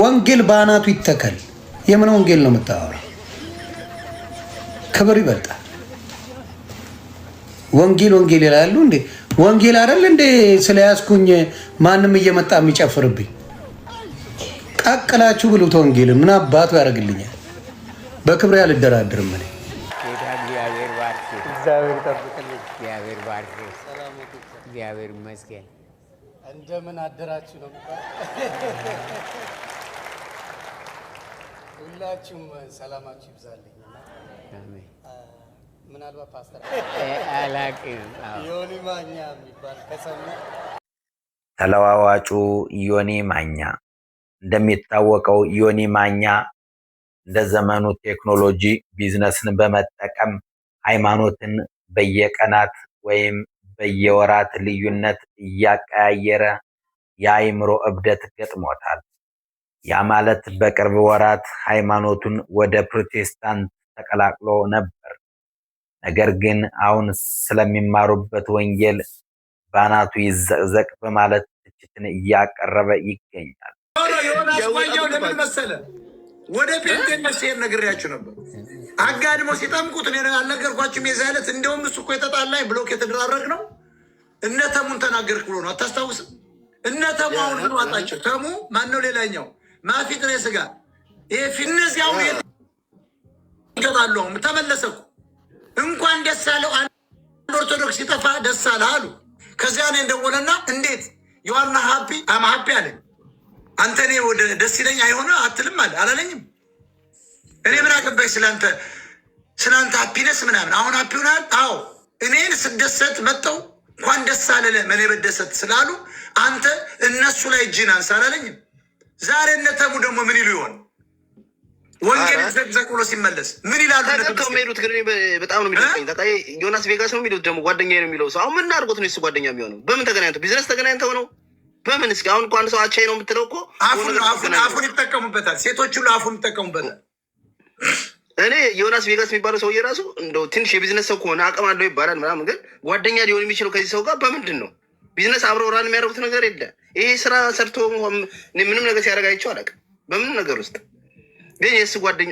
ወንጌል በአናቱ ይተከል። የምን ወንጌል ነው የምታወራው? ክብር ይበልጣል። ወንጌል ወንጌል ይላሉ እንዴ? ወንጌል አይደል እንዴ? ስለያስኩኝ ማንም እየመጣ የሚጨፍርብኝ ቀቅላችሁ ብሉት። ወንጌል ምን አባቱ ያደርግልኛል? በክብር አልደራድርም። እኔ እግዚአብሔር ይመስገን። እንደምን አደራችሁ ነው ሁላችሁም ሰላማችሁ ይብዛልኝ። ምናልባት ፓስተር ዮኒ ማኛ የሚባል ተለዋዋጩ ዮኒ ማኛ። እንደሚታወቀው ዮኒ ማኛ እንደ ዘመኑ ቴክኖሎጂ ቢዝነስን በመጠቀም ሃይማኖትን በየቀናት ወይም በየወራት ልዩነት እያቀያየረ የአእምሮ እብደት ገጥሞታል። ያ ማለት በቅርብ ወራት ሃይማኖቱን ወደ ፕሮቴስታንት ተቀላቅሎ ነበር። ነገር ግን አሁን ስለሚማሩበት ወንጌል ባናቱ ይዘቅዘቅ በማለት ትችትን እያቀረበ ይገኛል። ዮናስ ዋኛው ለምን መሰለ ወደ ጴንጤነት ሲሄድ ነግሬያችሁ ነበር። አጋድሞ ሲጠምቁት እኔ አልነገርኳችሁም? የዛ አይነት እንደውም እሱ እኮ የተጣላኝ ብሎክ የተደራረግ ነው እነ ተሙን ተናገርክ ብሎ ነው። አታስታውስም? እነ ተሙ አሁን ዋጣቸው? ተሙ ማነው? ሌላኛው ማፊት ነው የስጋ ይሄ ፊትነስ ያው ይገጣሉ። ተመለሰኩ። እንኳን ደስ ያለው አንድ ኦርቶዶክስ ሲጠፋ ደስ አለ አሉ። ከዚያ እኔን ደወለና እንዴት የዋና ሀፒ አም ሀፒ አለኝ። አንተ እኔ ወደ ደስ ይለኝ አይሆነ አትልም አለ አላለኝም። እኔ ምን አገባኝ ስለአንተ ስለአንተ ሀፒነስ ምናምን። አሁን ሀፒ ሆናል። አዎ እኔን ስደሰት መጠው እንኳን ደስ አለ መኔ በደሰት ስላሉ አንተ እነሱ ላይ እጅን አንሳ አላለኝም። ዛሬ እነተሙ ደግሞ ምን ይሉ ይሆን? ወንጌል ዘቅዘቅ ብሎ ሲመለስ ምን ይላሉ? የሚሄዱት ግን በጣም ነው የሚደኝ። ዮናስ ቬጋስ ነው የሚሄዱት ደግሞ ጓደኛ ነው የሚለው ሰው አሁን ምን አድርጎት ነው የሱ ጓደኛ የሚሆነው? በምን ተገናኝተው ቢዝነስ ተገናኝተው ነው? በምን እስኪ አሁን እኮ አንድ ሰው አቻይ ነው የምትለው እኮ አፉን ይጠቀሙበታል። ሴቶች ሁሉ አፉን ይጠቀሙበታል። እኔ ዮናስ ቬጋስ የሚባለው ሰውዬ ራሱ እንደው ትንሽ የቢዝነስ ሰው ከሆነ አቅም አለው ይባላል ምናምን፣ ግን ጓደኛ ሊሆን የሚችለው ከዚህ ሰው ጋር በምንድን ነው? ቢዝነስ አብረው ራን የሚያደርጉት ነገር የለ። ይሄ ስራ ሰርቶ ምንም ነገር ሲያደርጋቸው አላውቅም። በምንም ነገር ውስጥ ግን የእሱ ጓደኛ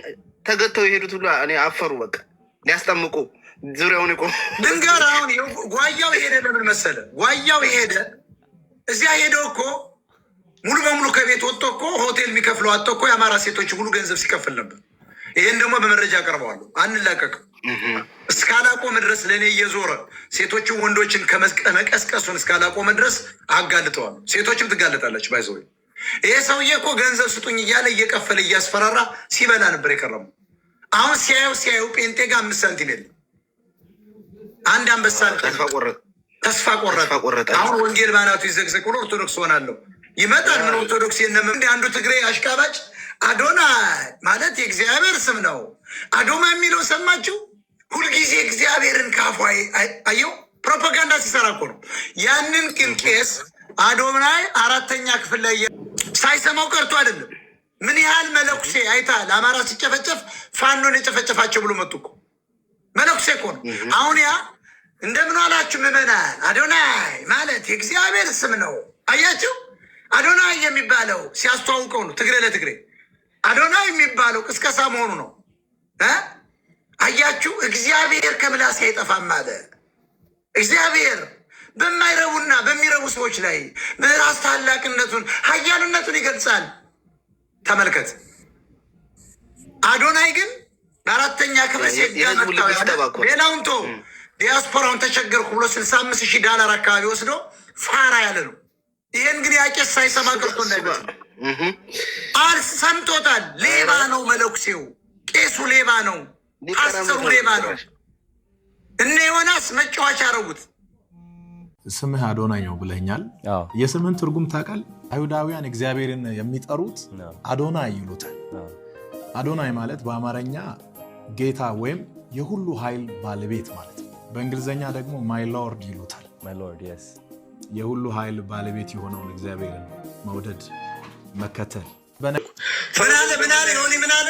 ተገተው የሄዱት ሁሉ እኔ አፈሩ። በቃ ሊያስጠምቁ ዙሪያውን ይቆ ድንገር አሁን ጓያው ሄደ። ለምን መሰለ? ጓያው ሄደ። እዚያ ሄደው እኮ ሙሉ በሙሉ ከቤት ወጥቶ እኮ ሆቴል የሚከፍለው አጥቶ እኮ የአማራ ሴቶች ሙሉ ገንዘብ ሲከፍል ነበር። ይህን ደግሞ በመረጃ አቀርበዋለሁ። አንላቀቅም እስካላቆመ ድረስ ለእኔ እየዞረ ሴቶችን ወንዶችን ከመቀስቀሱን እስካላቆመ ድረስ አጋልጠዋል። ሴቶችም ትጋለጣለች። ባይዘ ይሄ ሰውዬ እኮ ገንዘብ ስጡኝ እያለ እየቀፈለ እያስፈራራ ሲበላ ነበር የቀረሙ። አሁን ሲያየው ሲያየው ጴንጤ ጋር አምስት ሳንቲም የለም። አንድ አንበሳ ተስፋ ቆረጠ፣ አሁን ወንጌል ባናቱ ይዘግዘግ ብሎ ኦርቶዶክስ ሆናለሁ ይመጣል። ምን ኦርቶዶክስ የለም እንደ አንዱ ትግሬ አሽቃባጭ አዶና ማለት የእግዚአብሔር ስም ነው። አዶማ የሚለው ሰማችሁ? ሁልጊዜ እግዚአብሔርን ካፏ አየው ፕሮፓጋንዳ ሲሰራ እኮ ነው። ያንን ግን ቄስ አዶናይ አራተኛ ክፍል ላይ ሳይሰማው ቀርቶ አይደለም። ምን ያህል መለኩሴ አይተሃል? አማራ ሲጨፈጨፍ ፋኖን የጨፈጨፋቸው ብሎ መጡ እኮ መለኩሴ እኮ ነው። አሁን ያ እንደምን አላችሁ ምዕመናን፣ አዶናይ ማለት የእግዚአብሔር ስም ነው። አያችሁ አዶናይ የሚባለው ሲያስተዋውቀው ነው። ትግሬ ለትግሬ አዶናይ የሚባለው ቅስቀሳ መሆኑ ነው። አያችሁ፣ እግዚአብሔር ከምላስ አይጠፋም አለ። እግዚአብሔር በማይረቡና በሚረቡ ሰዎች ላይ ምዕራስ ታላቅነቱን ኃያልነቱን ይገልጻል። ተመልከት። አዶናይ ግን በአራተኛ ክፍለ ሌላውን ቶ ዲያስፖራውን ተቸገርኩ ብሎ ስልሳ አምስት ሺህ ዳላር አካባቢ ወስዶ ፋራ ያለ ነው። ይህን ግን ያቄስ ሳይሰማ ቅርቶ እንዳይመስል አልሰምቶታል። ሌባ ነው መለኩሴው፣ ቄሱ ሌባ ነው። አስሩ ሌባ ነው። እነ ዮናስ መጫወቻ አረጉት። ስምህ አዶናይ ነው ብለኛል። የስምህን ትርጉም ታውቃለህ? አይሁዳውያን እግዚአብሔርን የሚጠሩት አዶናይ ይሉታል። አዶናይ ማለት በአማርኛ ጌታ ወይም የሁሉ ኃይል ባለቤት ማለት ነው። በእንግሊዝኛ ደግሞ ማይ ሎርድ ይሉታል። የሁሉ ኃይል ባለቤት የሆነውን እግዚአብሔርን መውደድ መከተል ምናለ ምናለ ሆኒ ምናለ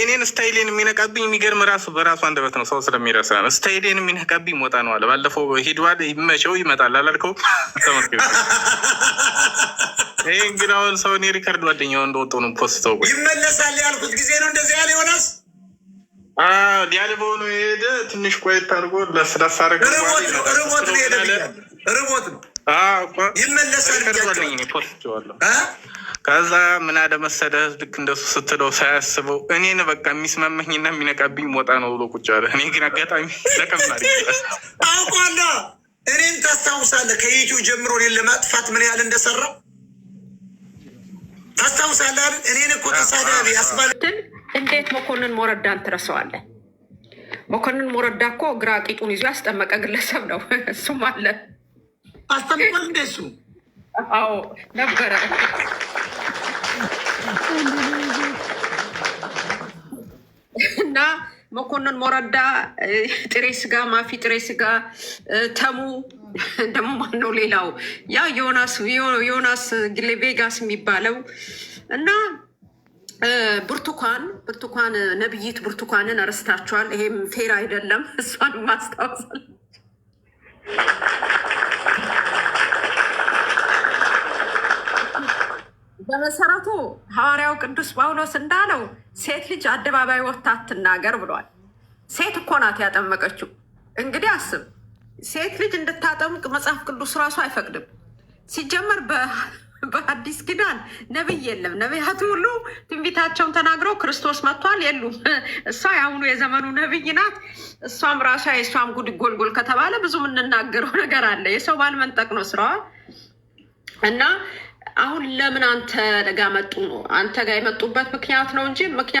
እኔን ስታይሌን የሚነቃብኝ የሚገርም ራሱ በራሱ አንደበት ነው። ሰው ስለሚረሳ ነው። ስታይሌን የሚነቃብኝ ሞጣ ነው አለ። ባለፈው ሂድዋል ይመቸው ይመጣል አላልከው? ይህ እንግዲህ አሁን ሰው ሰውን የሪከርድ ጓደኛው እንደወጡ ነው ፖስተው ይመለሳል ያልኩት ጊዜ ነው። እንደዚህ ያለ ሆነስ ያለ በሆኑ የሄደ ትንሽ ቆየት አድርጎ ለስላሳ አረግ ርቦት ነው ሄደ ርቦት ነው ይመለሳል ጓደኛ ፖስት ከዛ ምን አደመሰደ ልክ እንደሱ ስትለው ሳያስበው እኔን በቃ የሚስማመኝና የሚነቃብኝ ሞጣ ነው ብሎ ቁጭ አለ። እኔ ግን አጋጣሚ ለቀማሪ አውቋላ እኔን ታስታውሳለህ። ከዩቲዩብ ጀምሮ እኔን ለማጥፋት ምን ያህል እንደሰራ ታስታውሳለህ። እኔን እኮ ተሳዳቢ ያስባልትን እንዴት መኮንን ሞረዳን ትረሳዋለህ? መኮንን ሞረዳ እኮ ግራ ቂጡን ይዞ ያስጠመቀ ግለሰብ ነው። እሱም አለ አስጠምቋል እንደሱ አዎ ነበረ። እና መኮንን ሞረዳ ጥሬ ስጋ ማፊ ጥሬ ስጋ ተሙ ደግሞ ማነው ሌላው ያ ዮናስ ግሌ ቬጋስ የሚባለው እና ብርቱካን ብርቱካን ነብይት ብርቱካንን አረስታቸዋል ይሄም ፌር አይደለም። እሷን ማስታወሳል በመሰረቱ ሐዋርያው ቅዱስ ጳውሎስ እንዳለው ሴት ልጅ አደባባይ ወጥታ አትናገር ብሏል። ሴት እኮ ናት ያጠመቀችው። እንግዲህ አስብ፣ ሴት ልጅ እንድታጠምቅ መጽሐፍ ቅዱስ ራሱ አይፈቅድም። ሲጀመር በአዲስ ኪዳን ነቢይ የለም። ነቢያቱ ሁሉ ትንቢታቸውን ተናግረው ክርስቶስ መጥቷል የሉም። እሷ የአሁኑ የዘመኑ ነቢይ ናት። እሷም ራሷ የእሷም ጉድ ጎልጎል ከተባለ ብዙ የምንናገረው ነገር አለ። የሰው ባል መንጠቅ ነው ስራዋ እና አሁን ለምን አንተ ጋ መጡ ነው አንተ ጋር የመጡበት ምክንያት ነው እንጂ ምክንያት